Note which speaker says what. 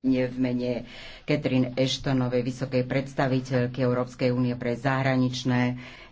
Speaker 1: v mene Catherine Ashtonovej, vysokej predstaviteľky Európskej únie pre zahraničné